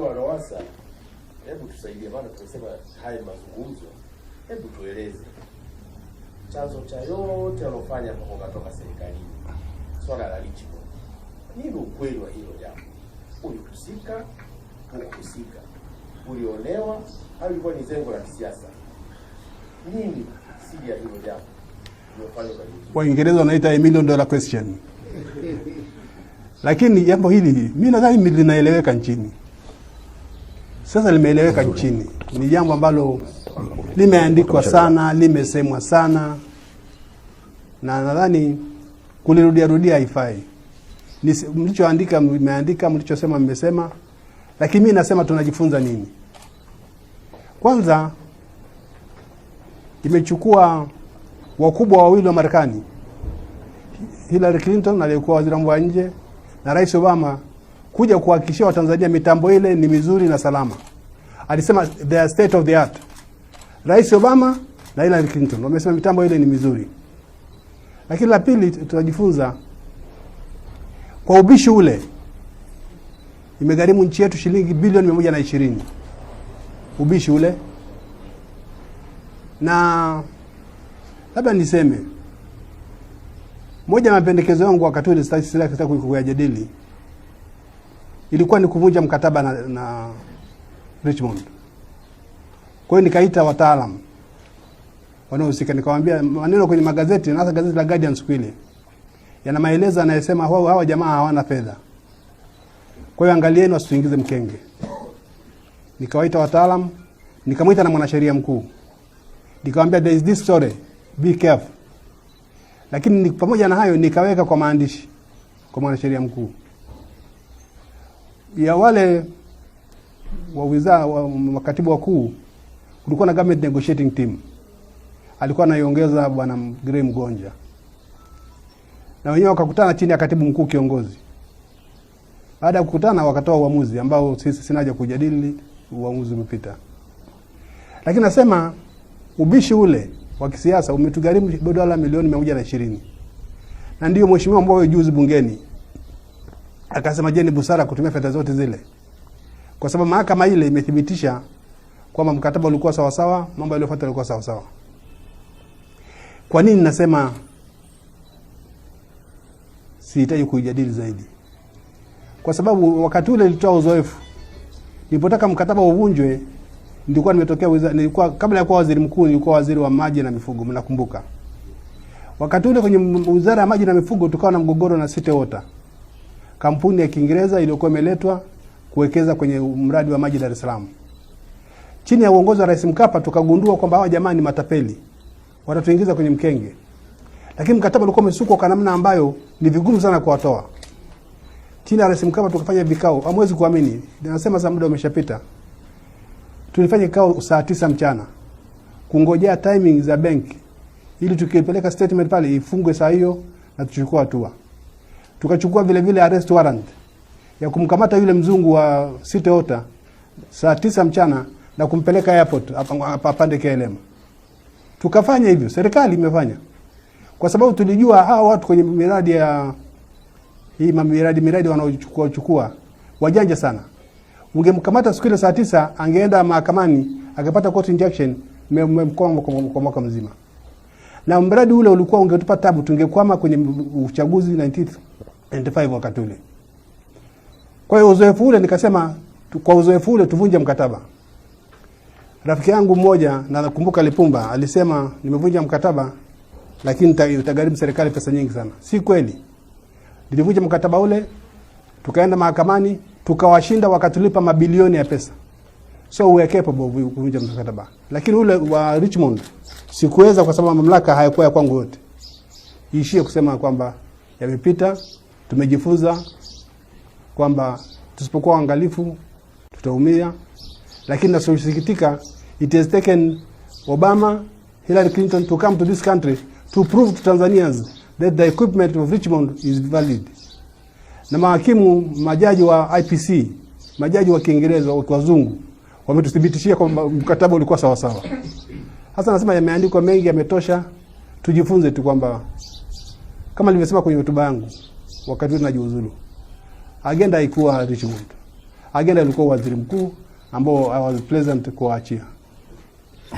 wa Lowassa, hebu tusaidie, maana tunasema haya mazungumzo, hebu tueleze chanzo cha yote alofanya mpaka kutoka serikalini, swala la lichi, nini ukweli wa hilo jambo? Ulihusika, hukuhusika, ulionewa au ilikuwa ni zengo la kisiasa? Nini siri ya hilo jambo? Waingereza wanaita a million dollar question lakini jambo hili mi nadhani linaeleweka nchini sasa limeeleweka nchini, ni jambo ambalo limeandikwa sana, limesemwa sana, na nadhani kulirudia rudia haifai. Mlichoandika mmeandika, mlichosema mmesema, lakini mi nasema tunajifunza nini? Kwanza imechukua wakubwa wawili wa Marekani, Hillary Clinton aliyekuwa waziri wa mambo ya nje na Rais Obama kuja kuhakikishia Watanzania mitambo ile ni mizuri na salama. Alisema the state of the art. Rais Obama na Hillary Clinton wamesema mitambo ile ni mizuri, lakini la pili tutajifunza kwa ubishi ule, imegharimu nchi yetu shilingi bilioni mia moja na ishirini ubishi ule, na labda niseme moja ya mapendekezo yangu wakati ule sitaki kuyajadili ilikuwa ni kuvunja mkataba na, na Richmond. Kwa hiyo nikaita wataalamu wanaohusika nikawaambia maneno kwenye magazeti na hasa gazeti la Guardian siku ile yana maelezo anayesema hao hawa jamaa hawana fedha. Kwa hiyo angalieni wasituingize mkenge. Nikawaita wataalamu, nikamwita na mwanasheria mkuu. Nikamwambia there is this story, be careful. Lakini pamoja na hayo nikaweka kwa maandishi kwa mwanasheria mkuu ya wale wa wizara wa makatibu wakuu kulikuwa na government negotiating team, alikuwa anaiongeza bwana Grey Mgonja, na wenyewe wakakutana chini ya katibu mkuu kiongozi. Baada ya kukutana, wakatoa uamuzi ambao sisi sinaja kujadili, uamuzi umepita. Lakini nasema ubishi ule wa kisiasa umetugharimu dola milioni mia moja na ishirini na ndiyo mheshimiwa, ambao juzi bungeni Akasema, je, ni busara kutumia fedha zote zile? Kwa sababu mahakama ile imethibitisha kwamba mkataba ulikuwa sawa sawa, mambo yaliyofuata yalikuwa sawa sawa. Kwa nini nasema sihitaji kuijadili zaidi? Kwa sababu wakati ule nilitoa uzoefu, nilipotaka mkataba uvunjwe, nilikuwa nimetokea wizara, nilikuwa kabla ya kuwa waziri mkuu, nilikuwa waziri wa maji na mifugo, mnakumbuka wakati ule kwenye wizara ya maji na mifugo tukawa na mgogoro na Sitewota. Water kampuni ya Kiingereza iliyokuwa imeletwa kuwekeza kwenye mradi wa maji Dar es Salaam. Chini ya uongozi wa Rais Mkapa tukagundua kwamba hawa jamaa ni matapeli, watatuingiza kwenye mkenge, lakini mkataba ulikuwa umesukwa kwa namna ambayo ni vigumu sana kuwatoa. Chini ya Rais Mkapa tukafanya vikao, hamwezi kuamini, nasema saa muda umeshapita. Tulifanya kikao saa tisa mchana kungojea timing za benki ili tukipeleka statement pale ifungwe saa hiyo na tuchukua hatua. Tukachukua vile vile arrest warrant ya kumkamata yule mzungu wa Sitota saa tisa mchana na kumpeleka airport apande KLM. Tukafanya hivyo, serikali imefanya kwa sababu tulijua hawa watu kwenye miradi ya hii miradi miradi wanaochukua chukua wajanja sana. Ungemkamata siku ile saa tisa, angeenda mahakamani akapata court injunction, mmemkoma kwa mwaka mzima, na mradi ule ulikuwa ungetupa tabu, tungekwama kwenye uchaguzi 19 95 wakati ule. Kwa hiyo uzoefu ule nikasema kwa uzoefu ule tuvunje mkataba. Rafiki yangu mmoja na nakumbuka Lipumba alisema nimevunja mkataba lakini utagharimu serikali pesa nyingi sana. Si kweli. Nilivunja mkataba ule, tukaenda mahakamani, tukawashinda wakatulipa mabilioni ya pesa. So we are capable of kuvunja mkataba. Lakini ule wa Richmond sikuweza kwa sababu mamlaka hayakuwa ya kwangu yote. Ishie kusema kwamba yamepita Tumejifunza kwamba tusipokuwa waangalifu tutaumia, lakini nasosikitika, it has taken Obama, Hillary Clinton to come to this country to prove to Tanzanians that the equipment of Richmond is valid. Na mahakimu majaji wa IPC majaji wa Kiingereza wa wametuthibitishia kwamba mkataba ulikuwa sawa sawa. Hasa nasema yameandikwa mengi, yametosha, tujifunze tu kwamba kama nilivyosema kwenye hotuba yangu wakati wetu najiuzulu. Agenda ikuwa Richmond, agenda ilikuwa waziri mkuu ambao I uh, was pleasant kuwaachia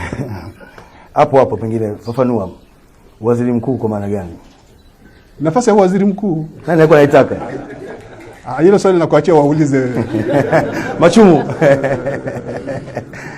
hapo hapo. Pengine fafanua waziri mkuu kwa maana gani? Nafasi ya waziri mkuu nani alikuwa anaitaka? Ah, hilo swali nakuachia waulize Machumu.